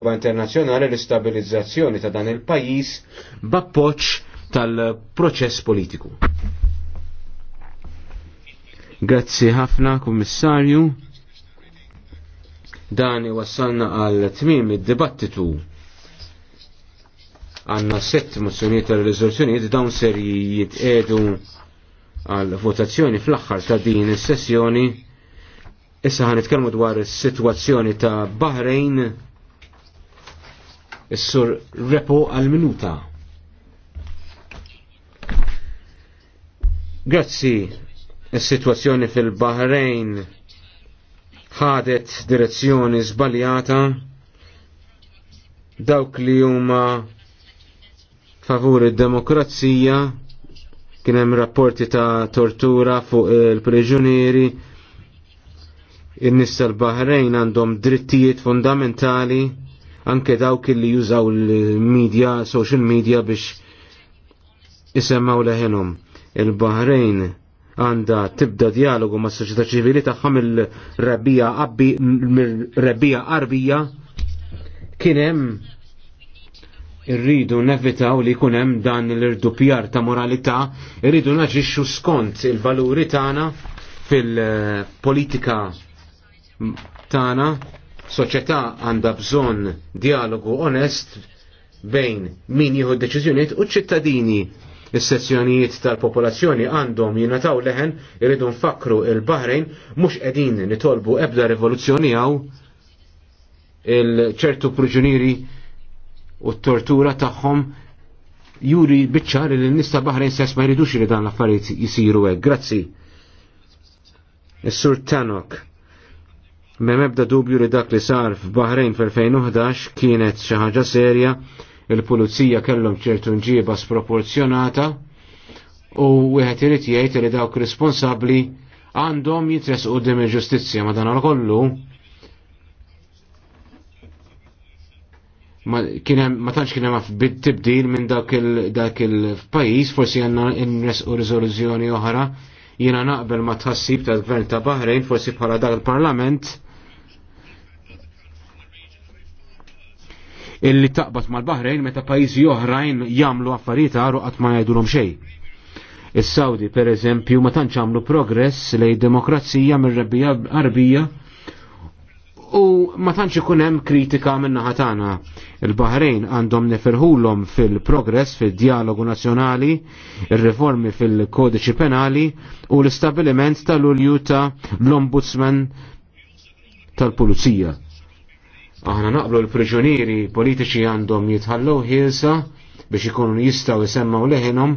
internazzjonali l-istabilizzazzjoni ta' dan il-pajis b'appoġġ tal-proċess politiku. Grazzi ħafna, Kummissarju. Dan iwassalna għal tmim id-dibattitu għanna sett mozzjoniet tal riżoluzzjonijiet dawn ser jitqedu għal votazzjoni fl-axħar ta' din is-sessjoni. Issa ħanitkellmu dwar is-sitwazzjoni ta' Bahrein Is-sur Repo għal-minuta. Grazzi, is-sitwazzjoni fil-Bahrejn ħadet direzzjoni żbaljata dawk li huma favur id-demokrazija kien hemm rapporti ta' tortura fuq il-preġunieri in-nies tal-Baħrejn għandhom drittijiet fundamentali anke dawk li jużaw l-media, social media biex isemmaw leħenom. Il-Bahrejn għanda tibda dialogu ma' soċjetà ċivili tagħhom il rabija qabbi rebbija qarbija kien hemm irridu nevitaw li jkun hemm dan l-irdupjar ta' moralità, irridu naġixxu skont il-valuri tagħna fil-politika tagħna Soċjetà għandha bżonn dialogu onest bejn min jieħu deċiżjonijiet u ċittadini. Is-sezzjonijiet tal-popolazzjoni għandhom jingħataw leħen iridu nfakru il-Baħrejn mhux qegħdin nitolbu ebda rivoluzzjoni hawn il-ċertu priġunieri u t-tortura tagħhom juri biċċar li l-nista Bahrejn sess ma jridux li dan l-affarijiet jisiru hekk. Grazzi. Is-Sur Tanok. Mem ebda dubju li dak li sar f'Bahrejn fil 2011 kienet xi ħaġa serja, il-pulizija kellhom ċertu nġieba sproporzjonata u wieħed irid jgħid li dawk responsabbli għandhom jitresqu qudiem il-ġustizzja madankollu ma kollu. ma tantx hemm bid tibdil minn dak il dak il-pajjiż forsi għandna nresqu riżoluzzjoni oħra jiena naqbel ma tħassib tal-gvern ta' Bahrein, forsi bħala dak il-parlament illi taqbad mal-Bahrejn meta pajjiżi oħrajn jagħmlu affarijiet għaru qatt ma jgħidulhom xejn. Is-Saudi pereżempju ma tantx għamlu progress lej demokrazija mir-rebbija qarbija u ma tantx ikun hemm kritika minn naħa tagħna. Il-Bahrejn għandhom neferħulhom fil-progress fid-dialogu nazzjonali, ir-riformi fil-kodiċi penali u l-istabiliment tal-ulju ta' l-Ombudsman tal-Pulizija Aħna naqblu l-priġunieri politiċi għandhom jitħallu ħielsa biex ikunu jistgħu jisemmaw leħinhom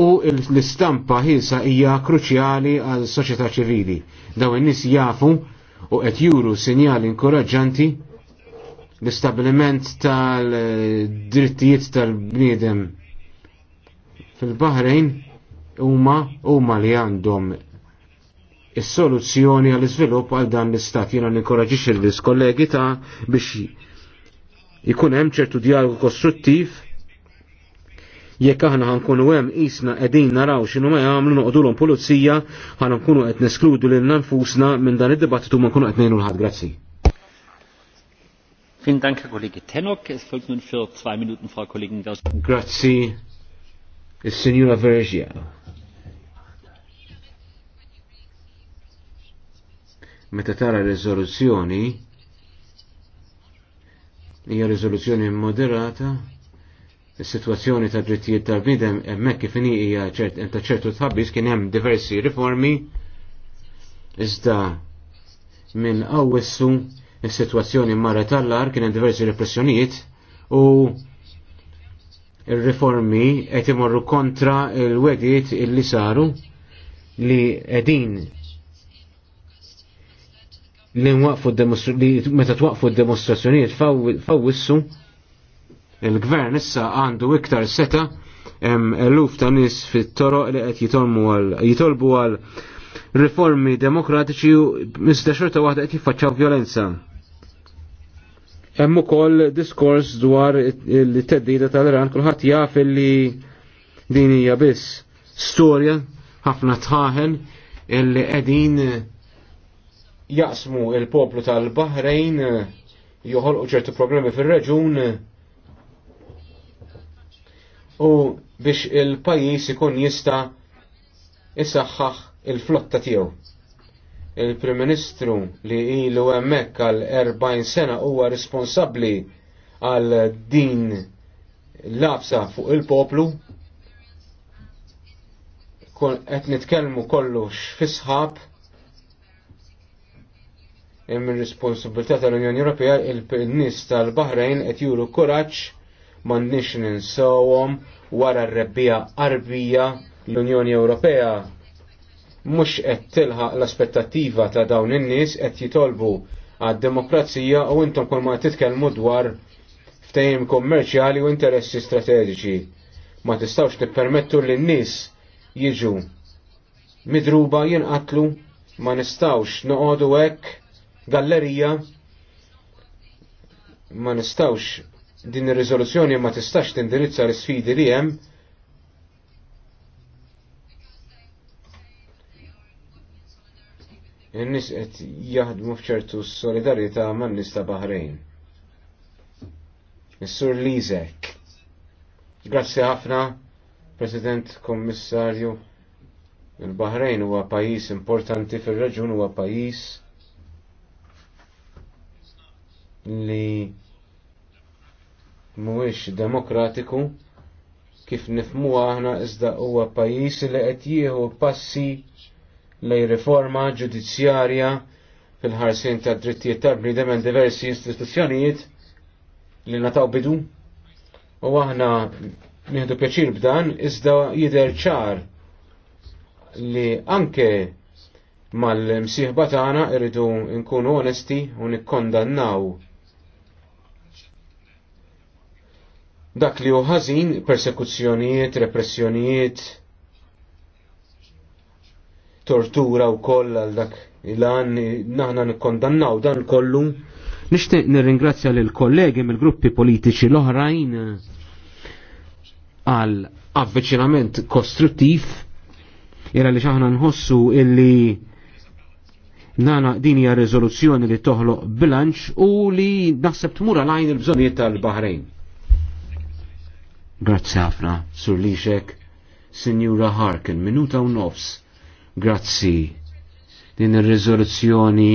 u l-istampa ħielsa hija kruċjali għal soċjetà ċivili. Daw in-nies jafu u qed juru sinjali inkoraġġanti l-istabbiliment tal-drittijiet tal-bniedem fil-Baħrejn huma huma li għandhom is-soluzzjoni għall iżvilupp għal dan l-istat. Jiena ninkoraġix il-kollegi ta' biex ikun hemm ċertu dialogu kostruttiv jekk aħna ħankunu hemm isna qegħdin naraw x'inhu ma jagħmlu noqogħdulhom pulizija ħana nkunu qed neskludu lil nfusna minn dan id-dibattitu ma nkunu qed ngħinu l-ħadd. Grazzi. Vielen Dank, Herr Kollege Tenok. Es folgt nun für zwei Minuten Frau Kollegin Grazzi, il-Signora Vergiano. meta tara riżoluzzjoni hija riżoluzzjoni moderata is-sitwazzjoni ta' drittijiet tal-bniedem hemmhekk kif inhi hija ta' ċertu tħabbis kien hemm diversi riformi iżda minn qawwissu is-sitwazzjoni marra tal-lar kien hemm diversi repressjonijiet u il riformi qed imorru kontra l wegħdiet illi saru li qegħdin li nwaqfu li meta twaqfu d-demonstrazzjonijiet fawissu il-gvern issa għandu iktar seta hemm eluf ta' nies fit-toroq li qed jitolmu għal jitolbu għal riformi demokratiċi u iżda xorta waħda qed jiffaċċaw violenza. Hemm ukoll diskors dwar it-teddida tal-Iran kulħadd jaf li din hija biss storja ħafna tħaħen illi qegħdin jaqsmu il-poplu tal-Bahrejn joħolqu ċertu problemi fil-reġun u biex il-pajis ikun jista jisaxħax il-flotta tiegħu. Il-Prim Ministru li ilu hemmhekk għal 40 sena huwa responsabbli għal din l-absa fuq il-poplu qed nitkellmu kollu x'fisħab mir responsabilità tal-Unjoni Ewropea il-nis tal bahrajn qed juru kuraġġ m'għandniex ninsawhom wara r-rebbija qarbija l-Unjoni Ewropea mhux qed tilħaq l-aspettattiva ta' dawn in-nies qed jitolbu għad-demokrazija u intom kull ma titkellmu dwar ftehim kommerċjali u interessi strateġiċi. Ma tistawx tippermettu li n-nies jiġu midruba jinqatlu ma nistawx noqogħdu hekk gallerija ma nistawx din ir-riżoluzzjoni ma tistax tindirizza l-sfidi li hemm in-nies qed jaħdmu f'ċertu solidarjetà man-nies ta' Baħrejn. Is-Sur Lizek. Grazzi ħafna, President Kommissarju. il bahrejn huwa pajjiż importanti fir-reġun huwa pajjiż li mhuwiex demokratiku kif nifmu aħna iżda huwa pajis li qed jieħu passi lej riforma ġudizzjarja fil-ħarsien ta' drittijiet tal-bniedem en diversi istituzzjonijiet li nataw bidu u aħna nieħdu pjaċir b'dan iżda jidher ċar li anke mal-msieħba tagħna irridu nkunu onesti u nikkondannaw dak li hu ħażin persekuzzjonijiet, repressjonijiet, tortura u koll għal dak il-għan naħna nikkondannaw dan kollu. Nishtiq nirringrazzja lil kollegi mill-gruppi politiċi l-oħrajn għal avviċinament kostruttiv jera li xaħna nħossu illi nana din hija li toħloq bilanċ u li naħseb tmur lajn il-bżonijiet tal-Bahrejn. Grazzi ħafna, Sur Lixek, Sinjura Harkin, minuta u nofs. Grazzi. Din ir-riżoluzzjoni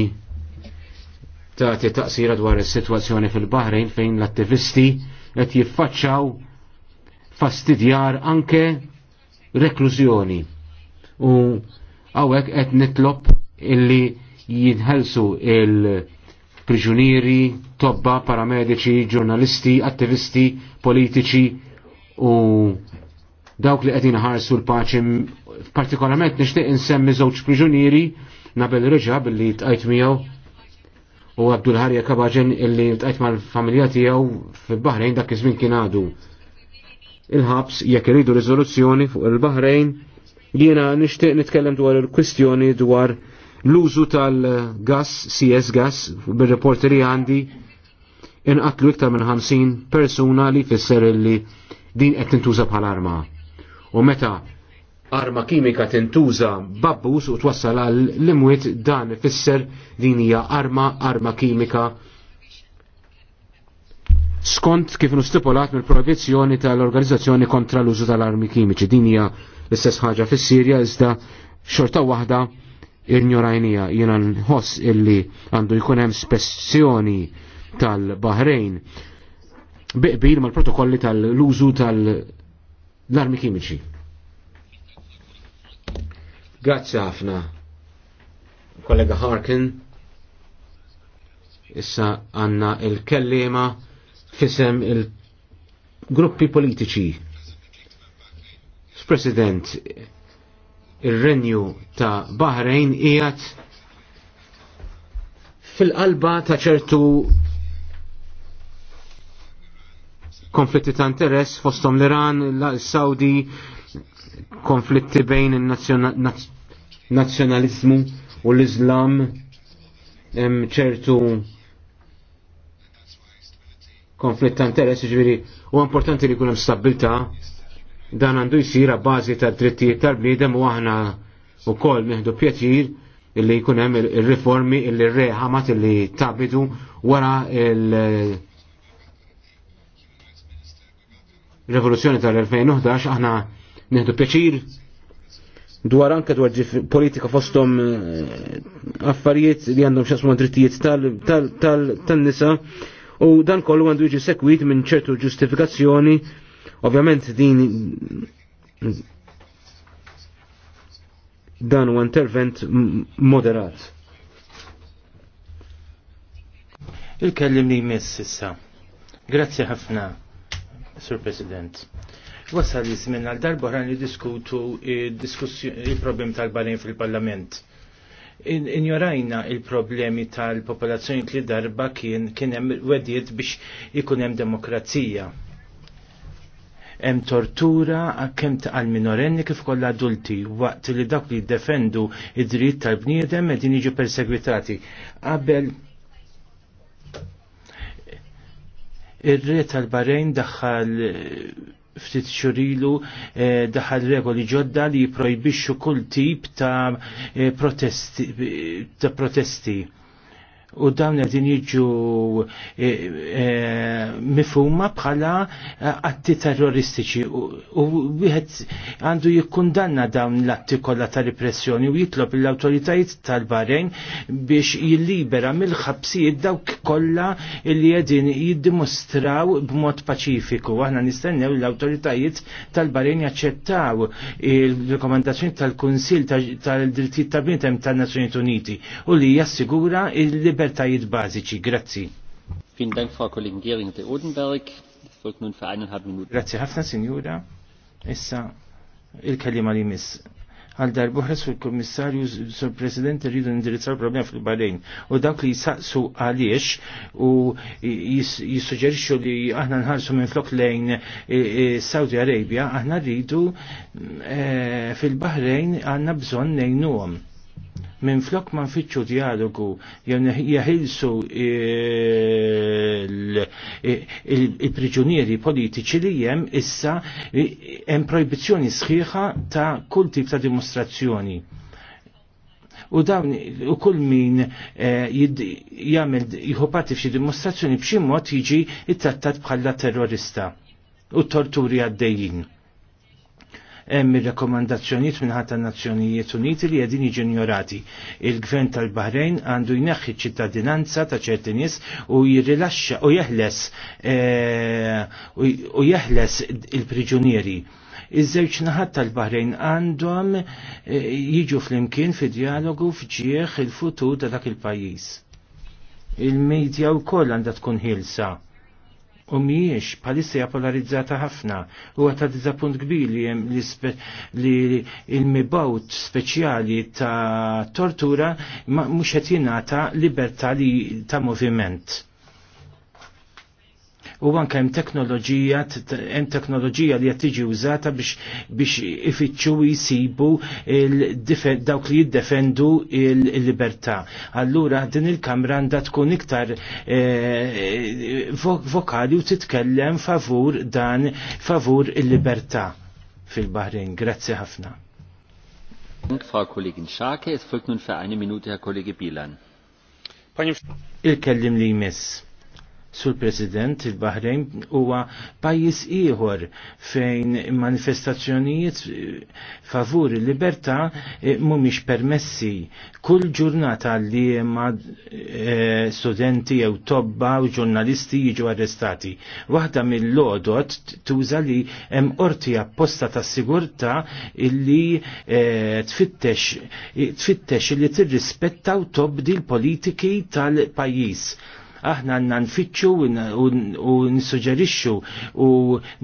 tagħti taqsira dwar is-sitwazzjoni fil bahrejn fejn l-attivisti qed jiffaċċaw fastidjar anke reklużjoni. U hawnhekk qed nitlob illi jinħelsu il- priġunieri, tobba, paramediċi, ġurnalisti, attivisti, politiċi, u dawk li għedin ħarsu l-paċi partikolarment nixtieq insemmi żewġ priġunieri Nabel Reġa billi tqajt miegħu u Abdul Ħarja Kabaġen illi tqajt mal-familja tiegħu fil-Baħrejn dak iż-żmien kien għadu. Il-ħabs jekk iridu riżoluzzjoni fuq il-Baħrejn jiena nixtieq nitkellem dwar il-kwistjoni dwar l-użu tal-gas, CS gas, bil-reporteri għandi inqatlu iktar minn 50 persuna li fisser illi din qed tintuża bħal arma. U meta arma kimika tintuża babbus u twassal għal l dan ifisser din hija arma arma kimika skont kif nustipulat mill proibizzjoni tal-organizzazzjoni kontra l-użu tal-armi kimiċi. Din hija l-istess ħaġa fis-Sirja iżda xorta waħda irnjorajnija jiena nħoss illi għandu jkun hemm spessjoni tal-Bahrejn biqbil mal-protokolli tal-użu tal-armi kimiċi. Grazzi ħafna, kollega Harkin. Issa għanna il-kellima fisem il-gruppi politiċi. President, il-renju ta' Bahrein ijat fil-qalba ta' ċertu konflitti ta' interess fostom l-Iran, l-Saudi, konflitti bejn il-nazjonalizmu u l-Islam, ċertu konflitt ta' interess, ġviri, u importanti li kunem stabilta, dan għandu jisira bazi ta' drittijiet tal-bniedem u aħna u kol meħdu pjaċir illi kunem il-riformi illi reħamat illi tabidu wara il- rivoluzzjoni tal-2011 aħna nieħdu pjaċir dwar anke dwar politika fostom eh, affarijiet li għandhom xasmu drittijiet tal-nisa u dan kollu għandu jiġi sekwit minn ċertu ġustifikazzjoni ovvjament din dan u intervent moderat. Il-kellim li jmiss issa. Grazzi ħafna. Sur President. Wasal li żmien għal darba li diskutu il-problem tal balin fil-Parlament. Injorajna il-problemi tal-popolazzjoni li darba kien kien hemm wedjiet biex ikun hemm demokrazija hemm tortura għakem taqal minorenni kif koll adulti waqt li dak li jiddefendu id-dritt tal-bniedem qegħdin iġu persegwitati. Qabel Ir-re tal-Barejn daħħal eh, ftit xurilu eh, daħal regoli ġodda li jipprojbixxu kull tip ta' eh, protesti. Ta protesti u dawn qegħdin jiġu e, e mifhuma bħala e, atti terroristiċi u wieħed għandu jikkundanna dawn l-atti kollha ta' repressjoni u jitlob l-awtoritajiet tal-Barejn biex jillibera mill-ħabsijiet dawk kollha li qegħdin jiddimostraw b'mod paċifiku. Aħna nistennew l-awtoritajiet tal-Barejn jaċċettaw il-rekomandazzjoni tal-Kunsil tal-Drittijiet tal-Bnietem tan-Nazzjonijiet Uniti u li jassigura il-libertà libertajiet bażiċi. Grazzi. Vielen Dank, Frau Kollegin Gering de Odenberg. Folgt nun für eineinhalb Minuten. Grazie Hafna, Signora. Issa, il-kalima li miss għal darbuħes fil l-Komissarju sur President rridu indirizzaw problema fil-Barejn u dawk li jisaqsu għaliex u jissuġerixxu li aħna nħarsu minn flok lejn e, e, Saudi Arabia, aħna rridu e, fil-Bahrejn għandna bżonn nejnuhom minn flok ma nfittxu dialogu jahilsu il-priġunieri politiċi li jem issa hemm proibizzjoni sħiħa ta' kull tip ta' dimostrazzjoni. U dawn u kull min eh, jagħmel jħopati f'xi dimostrazzjoni b'xi mod jiġi ittattat bħala terrorista u torturi għaddejjin hemm ir-rekomandazzjonijiet minħatta Nazzjonijiet Uniti li qegħdin jiġu Il-Gvern tal-Bahrejn għandu jneħħi ċittadinanza ta' ċerti nies u jirrilaxxa u jeħles eh, u jeħles il-priġunieri. Iż-żewġ naħat tal-Bahrejn għandhom eh, jiġu flimkien fi dialogu fġieħ il-futur ta' dak il-pajjiż. Il-medja wkoll għandha tkun ħilsa u miex palissija polarizzata ħafna u għata dizapunt kbir li jem li, li il-mibawt speċjali ta' tortura ma' mux jingħata libertà li ta' moviment u anke hemm teknoloġija hemm teknoloġija li qed tiġi użata biex biex ifittxu jsibu dawk li jiddefendu il-libertà. Allura din il-Kamra għandha tkun iktar eh, vokali u titkellem favur dan favur il-libertà fil-Baħrin. Grazzi ħafna. Frau Kollegin Scharke, es folgt nun für eine Minute Herr Kollege Bielan. Il-kellim li jmiss. Sur President, il-Bahrejn huwa pajjiż ieħor fejn manifestazzjonijiet eh, favur il-libertà eh, mhumiex permessi. Kull ġurnata li ma eh, studenti jew tobba u ġurnalisti jiġu arrestati. Waħda mill-lodot tuża li hemm qorti apposta ta' sigurtà illi tfittex tfittex li tirrispettaw tobdi l-politiki tal-pajjiż aħna għanna nfittxu u nissuġġerixxu u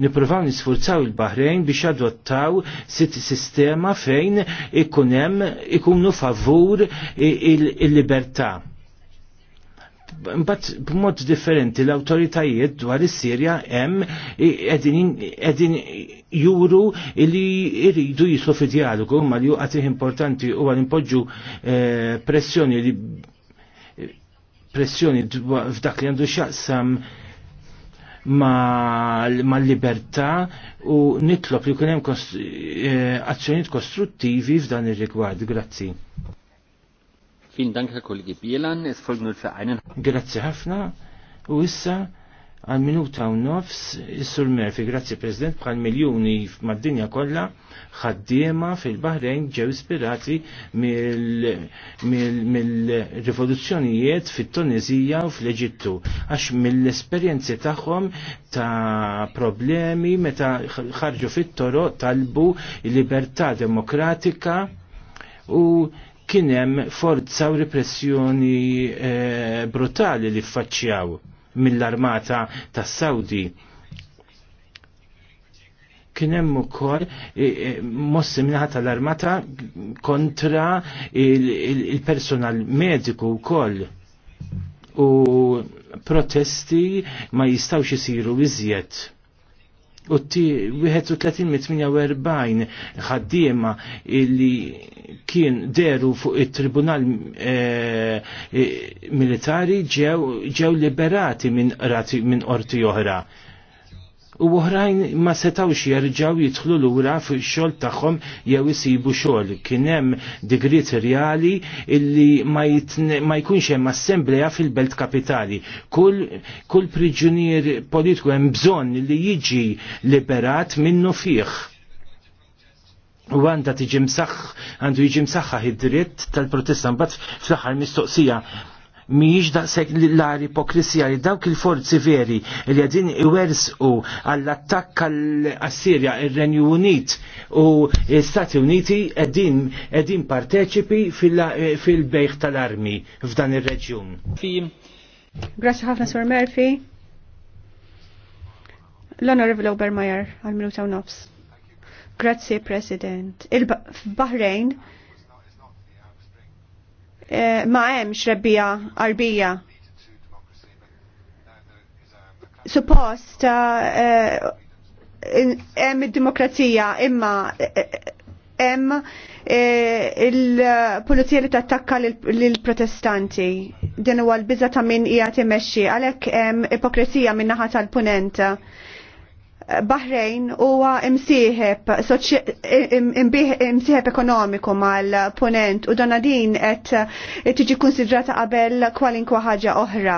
nippruvaw nisfurzaw il-Bahrejn biex adottaw sit sistema fejn ikun hemm ikunu favur il-libertà. Mbatt b'mod differenti l-awtoritajiet dwar is-Sirja hemm qegħdin juru li jridu jislu fi dialogu ma li huwa importanti huwa l-impoġġu eh, pressjoni li pressjoni f'dak li għandu xaqsam ma' l libertà u nitlob li kunem eh, azzjoniet kostruttivi f'dan ir-rigward. Grazzi. Fin danka kollegi Bielan, es folgnu Grazie ħafna u issa għal minuta u nofs, Sur Murphy, grazzi President, bħal miljoni mad-dinja kollha ħaddiema fil-Bahrejn ġew ispirati mill-rivoluzzjonijiet fit tunizija u fl-Eġittu. Għax mill-esperjenzi tagħhom ta' problemi meta ħarġu fit-toro talbu libertà demokratika u kienem forza u repressjoni eh, brutali li ffaċċjaw mill-armata tas-Saudi kien hemm ukoll e, e, mossi minħata tal-armata kontra il-personal mediku wkoll. U protesti ma jistawx isiru iżjed u t-31 ħaddiema illi kien deru fuq il-Tribunal eh, eh, Militari ġew liberati minn orti oħra u oħrajn ma setawx jerġaw jidħlu lura fuq xogħol tagħhom jew jisibu xogħol. Kien hemm digrit reali illi ma, jkunx hemm assembleja fil-belt kapitali. Kull, kull priġunier politiku hemm bżonn li jiġi liberat minnu fih. U għanda tiġi għandu jiġi msaħħa id-dritt tal protestan bat fl-axar mistoqsija miġ daqsek l-ar ipokrisija li dawk il-forzi veri li għadin iwersqu għall-attakk għall-Assirja, il-Renju Unit u Stati Uniti għadin parteċipi fil-bejħ tal-armi f'dan il-reġjun. Grazie ħafna Sur Murphy. L-Honorable Obermeyer għal-minuta u nofs. Grazie President. Il-Bahrain. Eh, ma hemmx rebbija qarbija. Suppost eh, hemm id-demokrazija imma eh, hemm il-pulizija li tattakka lill-protestanti. Din huwa l-biża ta' min qiegħed imexxi għalhekk hemm ipokrisija min-naħa tal-punent. Bahrain huwa imsieħeb imsieħeb ekonomiku mal-ponent u donna din qed tiġi konsidrata qabel kwalinkwa ħaġa oħra.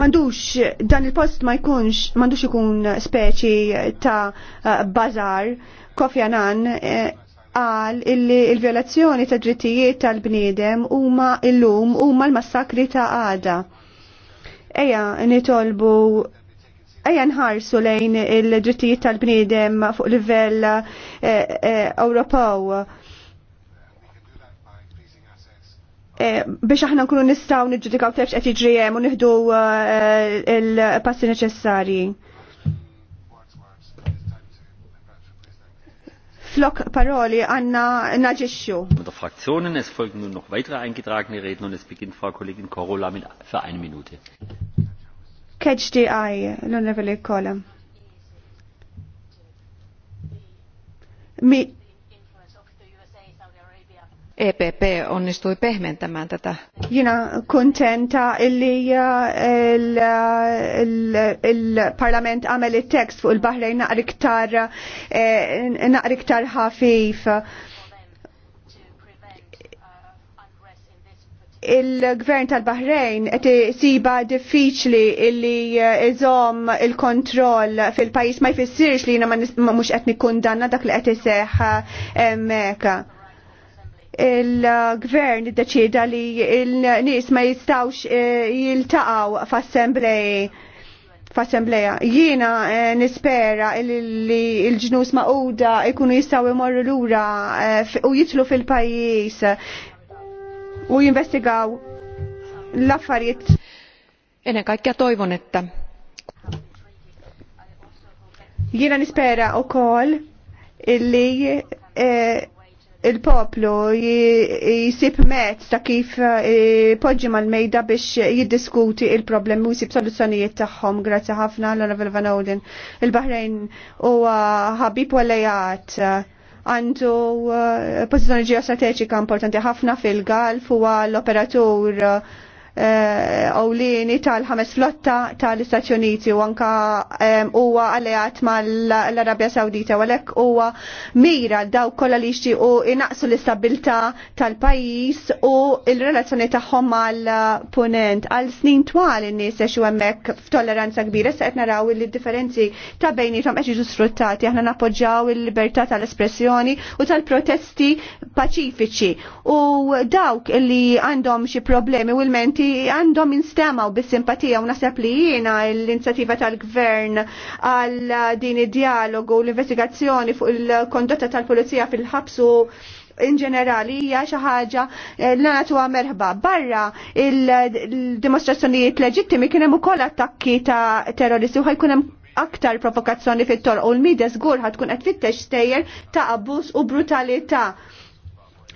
Mandux dan il-post ma jkunx mandux ikun speċi ta' bazar Kofi Annan eh, qal illi il-violazzjoni ta' drittijiet tal-bniedem huma illum huma l-massakri ta' għada eja nitolbu eja nħarsu lejn il-drittijiet tal-bniedem fuq livell eh, eh, Ewropew. Eh, biex aħna nkunu nistgħu niġġudikaw tefx qed jiġri hemm u nieħdu l-passi neċessarji. flok paroli għanna naġiċu. Unter Fraktionen, es folgen nun noch weitere eingetragene Reden und es beginnt Frau Kollegin Korola mit, für eine Minute. Keġdi għaj, l-onorevoli Kolem. EPP onnistui pehmentämään tätä. Jina kontenta illi il-parlament għamel il-tekst fuq il-Bahrejn naqra iktar e, ħafif. il-gvern tal-Bahrejn qed siba diffiċli illi iżom il-kontroll fil-pajjiż ma jfissirx li jiena mhux qed nikkundanna dak li qed iseħħ hemmhekk il-gvern deċida li il-nis ma jistawx eh, jiltaqaw f'assembleji f'assembleja. Jiena eh, nispera li il-ġnus maquda ikunu jistaw imorru lura eh, u jitlu fil-pajis u jinvestigaw l-affarijiet. Ene kaikkea toivon, että jiena nispera u koll illi eh, il-poplu jisib mezz ta' kif eh, poġġi mal-mejda biex jiddiskuti il-problemi u jisib soluzzjonijiet tagħhom. Grazzi ħafna l-Onorevol Van Oden. Il-Bahrejn huwa ħabib għalajat għandu eh, pożizzjoni ġeostrateġika importanti ħafna fil-Galf u l-operatur eh, Eh, ewlieni tal-ħames flotta tal-Istati Uniti u anka huwa alleat mal-Arabja Sawdita u għalhekk huwa mira dawk kollha li jixtiequ inaqsu l-istabilità tal-pajjiż u l-relazzjoni tagħhom mal-punent. Għal snin twal in-nies għax hemmhekk f'tolleranza kbira se qed naraw li differenzi ta' bejnietom qed jiġu sfruttati. Aħna nappoġġjaw il-libertà tal-espressjoni u tal-protesti paċifiċi u dawk li għandhom xi problemi u l-menti li għandhom instemaw bis-simpatija u nasab li jiena l-inizjattiva tal-gvern għal din id-dialogu u l-investigazzjoni fuq il-kondotta tal-pulizija fil-ħabsu in ġenerali hija xi ħaġa li nagħtuha merħba. Barra il-dimostrazzjonijiet leġittimi kien hemm ukoll attakki ta' terroristi u ħajkun hemm aktar provokazzjoni fit-torq u l-midja żgur ħadkun qed fittex stejjer ta' abbuż u brutalità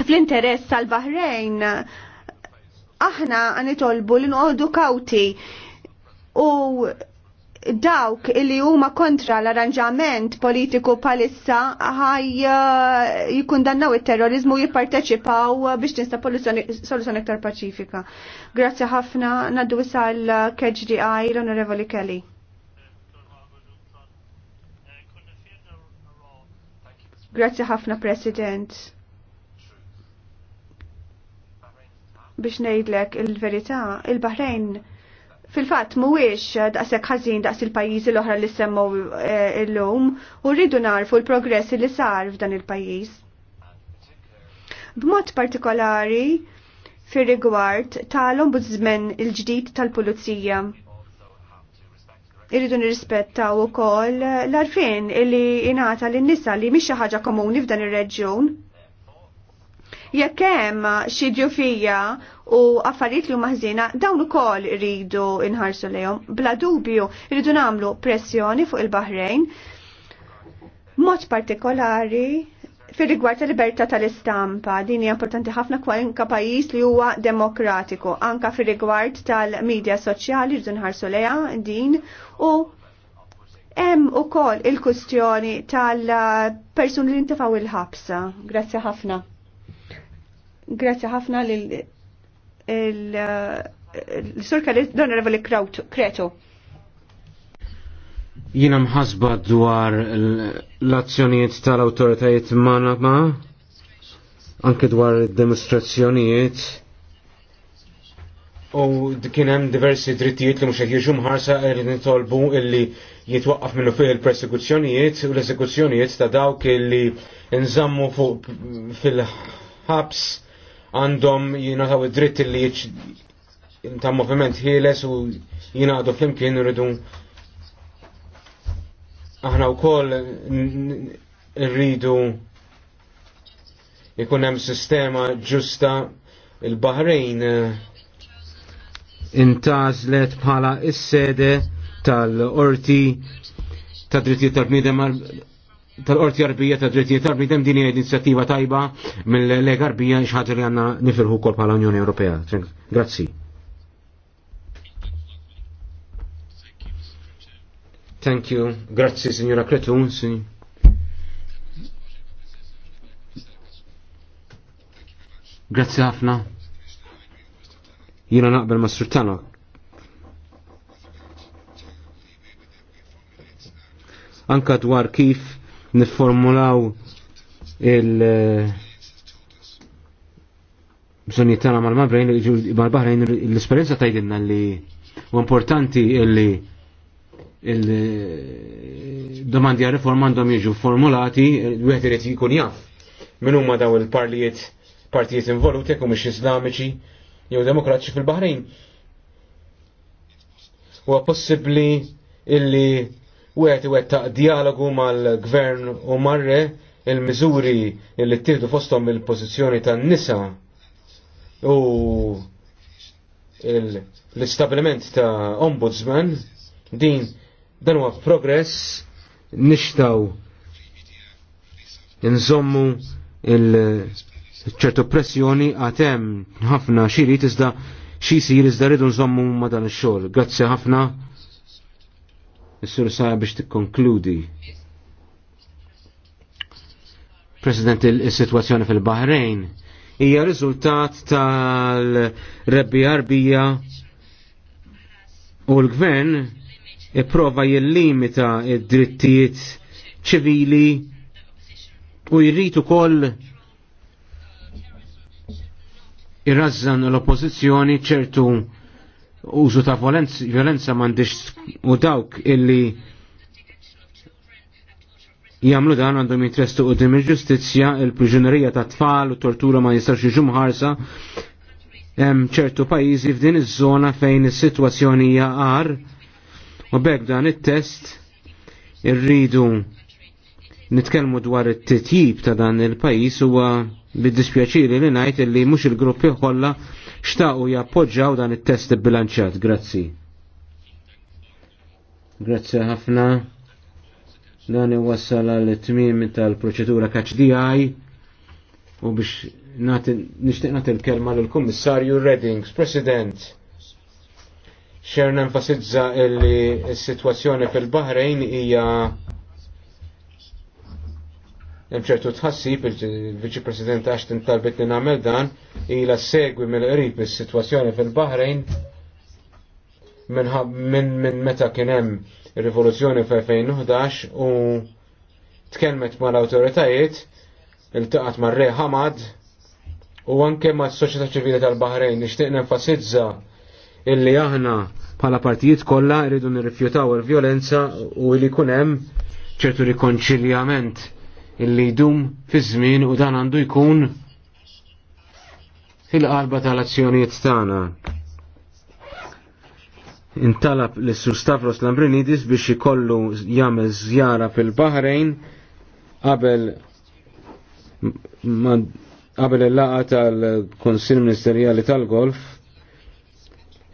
fl-interess tal-Bahrejn aħna għanitolbu li nqoħdu kawti u dawk li huma kontra l-arranġament politiku palissa ħaj eh, jikundannaw il-terrorizmu jipparteċipaw biex tinsta soluzzjoni iktar paċifika. Grazzi ħafna, naddu wisal KGDI l-Onorevoli Kelly. Grazzi ħafna, President. biex ngħidlek il-verità, il-Bahrejn fil-fatt mhuwiex daqshekk ħażin daqs il-pajjiżi l-oħra li semmew eh, illum u rridu narfu l-progress li sar f'dan il-pajjiż. B'mod partikolari fir-rigward tal-ombudsman il-ġdid tal-Pulizija irridu nirrispettaw ukoll l-arfin illi inata lin-nisa li mhix xi ħaġa komuni f'dan ir-reġjun. Jekk hemm xi u affarijiet li maħżina dawn ukoll iridu inħarsu lejhom. Bla dubju iridu nagħmlu pressjoni fuq il-Baħrejn mod partikolari fir rigward tal-libertà tal-istampa, din hija importanti ħafna kwalinka pajjiż li huwa demokratiku, anka fir rigward tal-medja soċjali rridu nħarsu lejha din u hemm ukoll il-kustjoni tal-persuni li ntefgħu il-ħabsa. Grazzi ħafna. Grazzi ħafna lil l-surka li donorevoli Kreto. Jina mħasba dwar l-azzjonijiet tal-autoritajiet Manama, anke dwar demonstrazzjonijiet. U kien hemm diversi drittijiet li mhux qed jiġu mħarsa li nitolbu illi jitwaqqaf minnu fih il-persekuzzjonijiet u l-eżekuzzjonijiet ta' dawk illi nżammu fuq fil-ħabs għandhom jingħataw id-dritt li ta' moviment ħieles u jingħadu flimkien rridu. aħna wkoll rridu ikun hemm sistema ġusta il-Baħrejn eh, intażlet bħala is-sede tal-orti ta' drittijiet tal-bniedem tal-qorti garbija ta' drittijiet tal-bnidem din hija inizjattiva tajba mill-le garbija xi li għanna nifirħu wkoll bħala Unjoni Ewropea. Grazzi. Thank you. Grazzi, signora Cretun. Grazzi ħafna. Jina naqbel ma' Surtanok. Anka dwar kif nifformulaw il- eh, bżonni tana mal-Mabrajn, mal-Bahrajn, l-esperienza tajdinna li u importanti illi il-domandi eh, għal reform għandhom jiġu formulati, l-għet irrit jikun jaf. Minn huma daw il-partijiet partijiet involuti, jekk mhux islamiċi jew demokratiċi fil-Bahrejn. Huwa possibbli illi u għet iwettaq dialogu mal-gvern u marre il-mizuri li t-tirdu fostom il-pozizjoni tan nisa u l establiment ta' ombudsman din dan huwa progress nixtaw nżommu il-ċertu pressjoni għatem ħafna xiri iżda xi jsir iżda rridu nżommu ma dan ix-xogħol. Grazzi ħafna. Is-sur sa biex tikkonkludi. President, il-situazzjoni fil-Bahrejn hija riżultat tal-rebbi arbija u l-gvern ipprova jillimita id-drittijiet ċivili u jrid ukoll irrażżan l-oppożizzjoni ċertu użu ta' violenza m'għandix u dawk illi jagħmlu dan għandhom jintrestu u dim il-ġustizzja, il-priġunerija ta' tfal u tortura ma jistax jiġu mħarsa hemm ċertu pajjiżi f'din iż-żona fejn is-sitwazzjoni hija għar u bekk dan it-test irridu nitkellmu dwar it-titjib ta' dan il-pajjiż huwa bid-dispjaċiri li ngħid illi mhux il-gruppi kollha xtaqu jappoġġaw dan it-test bilanċat. Grazzi. Grazzi ħafna. Dan iwassal għal tmim tal-proċedura kaċ u biex nishtiq nagħti l-kelma lill-Kummissarju Reddings, President xer nenfasizza illi s-situazzjoni fil-Bahrejn hija hemm ċertu tħassib il-Viċi President Ashton talbet li nagħmel dan ila segwi mill-qrib is-sitwazzjoni fil bahrejn minn min meta kien hemm ir-rivoluzzjoni f'2011 u tkellmet mal-awtoritajiet iltaqat mar-Re Hamad u anke ma' soċjetà ċivili tal bahrejn nixtieq nenfasizza illi aħna bħala partijiet kollha rridu nirrifjutaw il-vjolenza u li jkun hemm ċertu rikonċiljament illi jdum fi żmien u dan għandu jkun fil-qalba tal-azzjonijiet tagħna. Intalab l-Sur Stavros Lambrinidis biex ikollu jagħmel żjara fil-Baħrejn qabel qabel il-laqa tal-Konsil Ministerjali tal-Golf,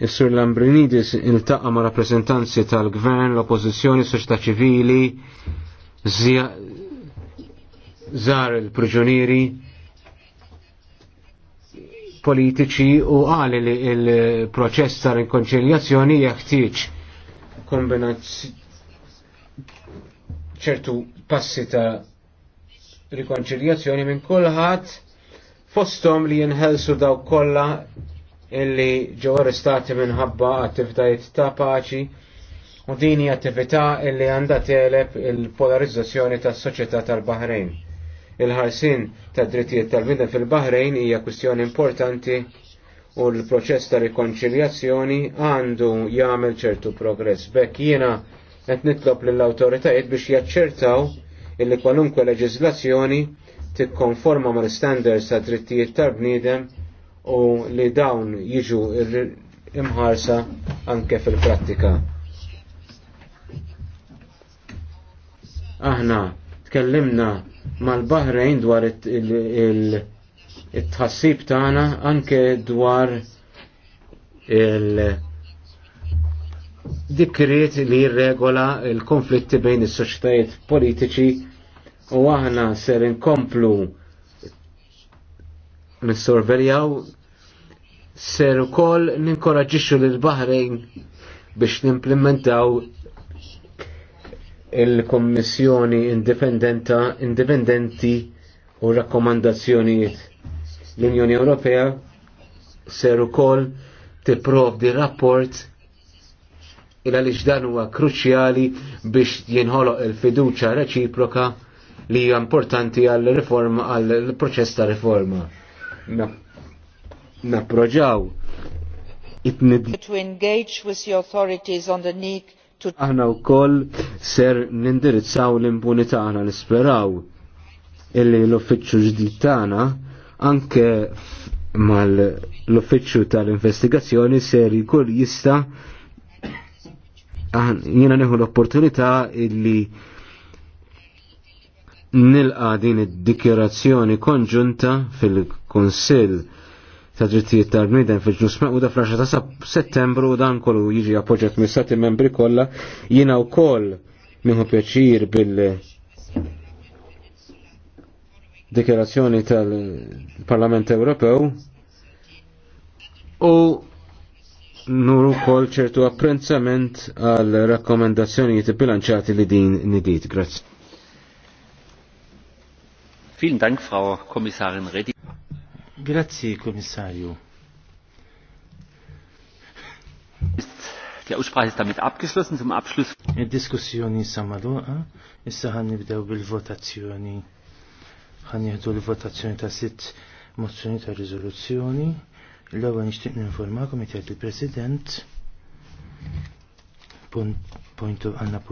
Is-Sur Lambrinidis iltaqa ma' rappreżentanzi tal-Gvern, l-Oppożizzjoni, soċjetà Ċivili, żar il-priġunieri politiċi u għal li il-proċess ta' rikonċiljazzjoni jeħtieġ kombinazzjoni ċertu passi ta' rikonċiljazzjoni minn kulħadd fostom li jinħelsu daw kollha illi ġew arrestati minħabba attivitajiet ta' paċi u dini attività illi għandha telep il-polarizzazzjoni tas-soċjetà tal-Baħrejn. Il-ħarsin ta' drittijiet tal-bidem fil-Bahrejn hija kwistjoni importanti u l-proċess ta' rikonċiljazzjoni għandu jagħmel ċertu progress. Bekk jiena qed nitlob lill-awtoritajiet biex jaċċertaw illi kwalunkwe leġislazzjoni tikkonforma mal standards ta' drittijiet tal-bniedem u li dawn jiġu imħarsa anke fil-prattika. Aħna tkellimna mal-Bahrejn dwar it-tħassib tagħna anke dwar il- dikriet li jirregola il-konflitti bejn is-soċjetajiet politiċi u aħna ser inkomplu nissorveljaw ser ukoll ninkoraġixxu lil Bahrejn biex nimplementaw il-Kommissjoni Indipendenti u rakkomandazzjonijiet. L-Unjoni Ewropea ser ukoll tipprovdi rapport il għaliex dan huwa kruċjali biex jinħoloq il-fiduċa reċiproka li hija importanti għall riforma għall proċess ta' riforma. It Na to engage with the authorities on the need Aħna u koll ser nindirizzaw l-impunità aħna nisperaw illi l-uffiċċju ġdid tagħna anke mal l-uffiċċju tal-investigazzjoni ser jkun jista jiena neħu l-opportunità illi nilqa din id-dikjerazzjoni konġunta fil kunsill ta' drittijiet tal-bniedem fil-ġnus da' fl-10 ta' settembru dan kollu jiġi appoġġjat mis stati membri kollha jiena wkoll nieħu pjaċir bil dikjerazzjoni tal-Parlament Ewropew u nuru kol ċertu apprezzament għal rakkomendazzjonijiet bilanċati li din nidit. Grazie. Vielen Dank, Frau Kommissarin Reding. Grazzi, Komissarju. Ja, Aussprache sta mit abgeschlossen. Zum Abschluss. Il-diskussjoni samaluqa, issa ħan nibdew bil-votazzjoni. Ħan jihdu l-votazzjoni ta' sitt mozzjoni ta' rizoluzzjoni. L-ewwel nixtieq ninformakom jgħid il-President. Punt, point għandna